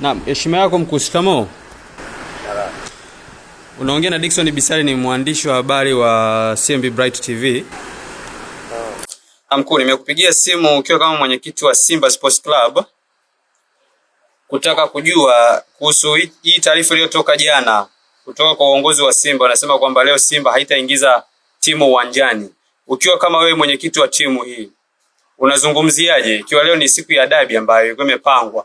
Naam, heshima yako mkuu. Shikamoo. Unaongea na Dickson Bisari, ni mwandishi wa habari wa CMB Bright TV. Naam, mkuu, nimekupigia simu ukiwa kama mwenyekiti wa Simba Sports Club kutaka kujua kuhusu hii taarifa iliyotoka jana kutoka kwa uongozi wa Simba. Wanasema kwamba leo Simba haitaingiza timu uwanjani. Ukiwa kama wewe mwenyekiti wa timu hii unazungumziaje, ikiwa leo ni siku ya dabi ambayo ilikuwa imepangwa